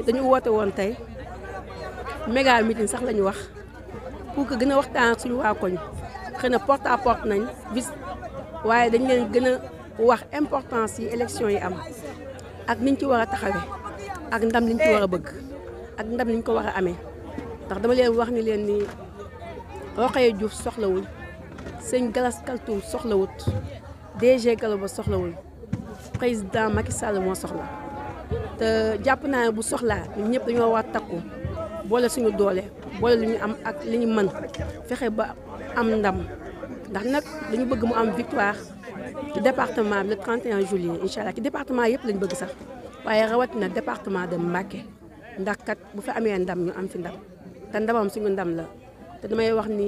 dañuy dañu woote woon tey méga meeting sax la wax pour que gën a waxtaan ak suñu waa koñ xëy na porte à nañ bis waaye dañ leen gën a wax importance yi élection yi am ak niñ ci war a taxawee ak ndam liñ ci war a bëgg ak ndam liñ ko war a amee ndax dama leen wax ni leen ni Rokhaya Diouf soxlawul sëñ Galas Kaltoum soxlawut DG Galoba soxlawul président Macky Sall moo soxla te jàpp naa ne bu soxlaa ñun ñëpp dañoo war takku boole suñu doole boole lu ñu am ak li ñu mën fexe ba am ndam ndax nag dañu bëgg mu am victoire ci département bi le 31 juillet incha allah ci département yëpp lañ bëgg sax waaye rawatina département de Mbacké ndax kat bu fi amee ndam ñu am fi ndam te ndamam suñu ndam la te damay wax ni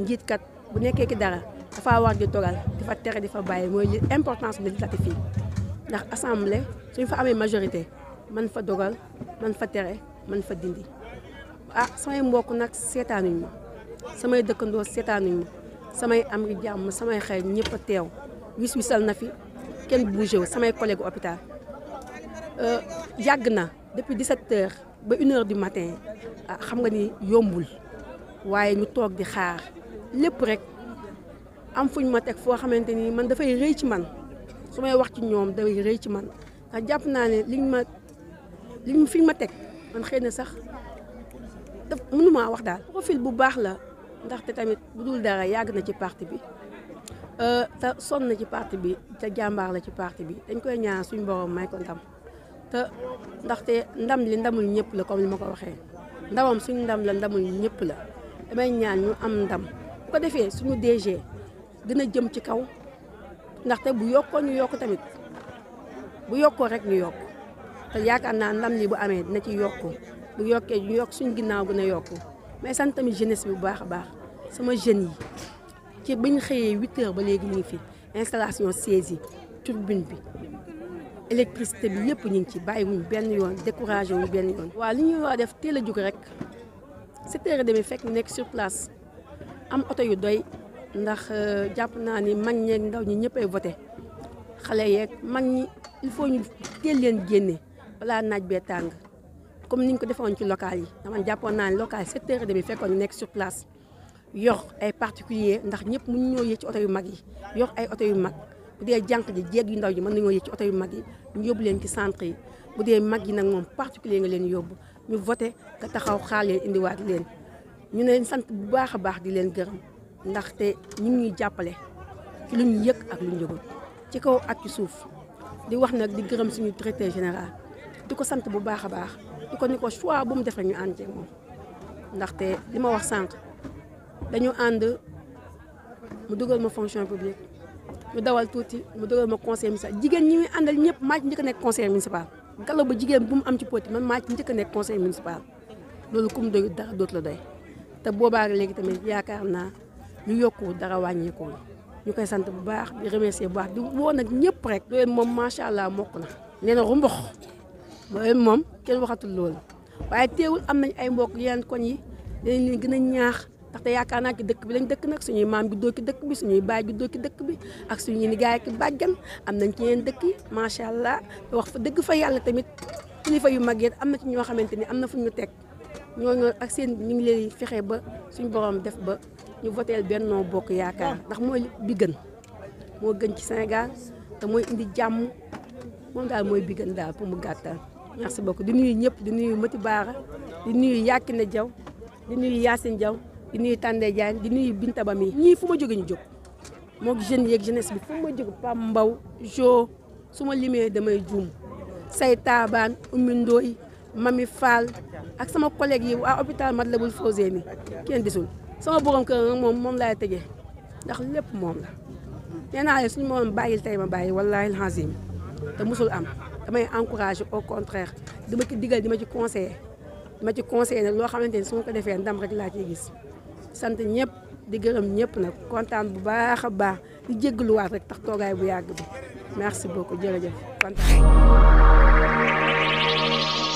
njiit kat bu nekkee ki dara dafaa war di dogal di fa tere di fa bàyyi mooy li importance législative yi ndax assemblée suñ fa amee majorité man fa dogal man fa tere man fa dindi ah samay mbokk nag seetaanuñ ma samay dëkkandoo seetaanuñ ma samay am yu jàmm samay xel ñëpp a teew wis wisal na fi kenn bougé wu samay collègue hôpital euh, yàgg na depuis 17 heures ba une heure du matin ah xam nga ni yombul waaye ñu toog di xaar lépp rek am fuñ ma teg foo xamante ni man dafay rëy ci man su may wax ci ñoom day rëy ci man ndax jàpp naa ne liñ ma liñ fi ma teg man xëy na sax daf mënumaa wax daal profil bu baax la ndaxte tamit bu dul dara yàgg na ci parti bi euh, ta sonn na ci parti bi te jàmbaar la ci parti bi dañ koy ñaan suñ borom may ko ndam te ndaxte ndam li ndamul ñëpp la comme li ma ko waxee ndamam suñ ndam la ndamul ñëpp la damay ñaan ñu am ndam bu ko defee suñu DG gën a jëm ci kaw ndaxte bu yokkoo ñu yokk tamit bu yokkoo rek ñu yokk te yaakaar naa ndam li bu amee dina ci yokk bu yokkee ñu yokk suñ ginnaaw gën a yokk mais sant tamit jeunesse bi bu baax a baax sama jeunes yi ci biñ xëyee huit ba léegi ñu ngi fi installation sièges yi turbine bi électricité bi yëpp ñu ngi ci bàyyi wuñ benn yoon décourage wuñ benn yoon. waa li ñuy war def teel a jóg rek sept heures et demie fekk nekk sur place am oto yu doy. ndax euh, jàpp naa ni mag ñeeg ndaw ñi ñëpp ay voté xale yeeg mag ñi il faut ñu teel leen génne balaa naaj bee tàng comme ni ñu ko defoon ci local yi dama jàppoon naa ne local sept heures et demi fekkoon ñu nekk sur place yor ay particulier ndax ñëpp mënu ñoo yëg ci oto yu mag yi yor ay oto yu mag dee jànq ji jeeg yu ndaw ji mën nañoo yëg ci oto yu mag yi ñu yóbbu leen ci centre yi bu dee mag yi nag moom particulier nga leen yóbbu ñu voté nga taxaw xaar leen indiwaat leen ñu ne sant bu baax a baax di leen gërëm ndaxte ñu ngi jàppale ci lu ñu yëg ak lu ñu ci kaw ak ci suuf di wax nag di gërëm suñu directeur général di ko sant bu baax a baax di ko ni ko choix bu mu def ñu ànd ceeg moom ndaxte li ma wax sànq dañu ànd mu dugal ma fonction publique mu dawal tuuti mu dugal ma conseil municipal jigéen ñi muy àndal ñëpp maa ci njëkk a nekk conseil municipal galaw ba jigéen bu mu am ci poti man maa ci njëkk a nekk conseil municipal loolu kum doy dara dootu la doy te boobaag léegi tamit yaakaar naa ñu yokku dara wàññeeku ñu koy sant bu baax di bu baax di nag ñëpp rek. moom macha allah mokk na. nee na rumbox doyen moom kenn waxatul loolu waaye teewul am nañ ay mbokk yeneen koñ yi dinañ leen gën a ñaax ndaxte yaakaar naa ki dëkk bi lañ dëkk nag suñuy maam juddoo ki dëkk bi suñuy baay juddoo ki dëkk bi ak suñuy nijaay ki bàjjan am nañ ci yeneen dëkk yi macha allah wax fa dëgg fa yàlla tamit kilifa yu mag am na ci ñoo xamante ni am na fu ñu teg ñooñu ak seen ñu ngi leen fexe ba suñu borom def ba. ñu voteel Benno Bokk Yaakaar ndax mooy bi moo gën ci Sénégal te mooy indi jàmm moom daal mooy bi gën daal pour mu gàttal merci beaucoup di nuyu ñëpp di nuyu Mati baax di nuyu Yakine Diaw di nuyu Yacine Diaw di nuyu Tande Diagne di nuyu Binta Ba mi ñii fu ma jóge ñu jóg moog jeunes yeeg jeunesse bi fu ma jóg Pam Mbaw Jo su ma limee damay juum say taabaan Oumy Ndoye Mami Fall ak sama collègue yi waa la Matlaboul Fawzeyni kenn desul sama borom kër nag moom moom laay tëjee ndax lépp moom la nee naa leen suñu moom bàyyil tey ma bàyyi wallaahi alhazim te musul am damay encourage au contraire di ma ci digal di ma ci conseillé di ma ci conseillé nag loo xamante ni su ma ko defee ndam rek laa ciy gis sant ñëpp di gërëm ñëpp nag kontaan bu baax a baax di jéggaluwaat rek tax toogaay bu yàgg bi merci beaucoup jërëjëf kontaan.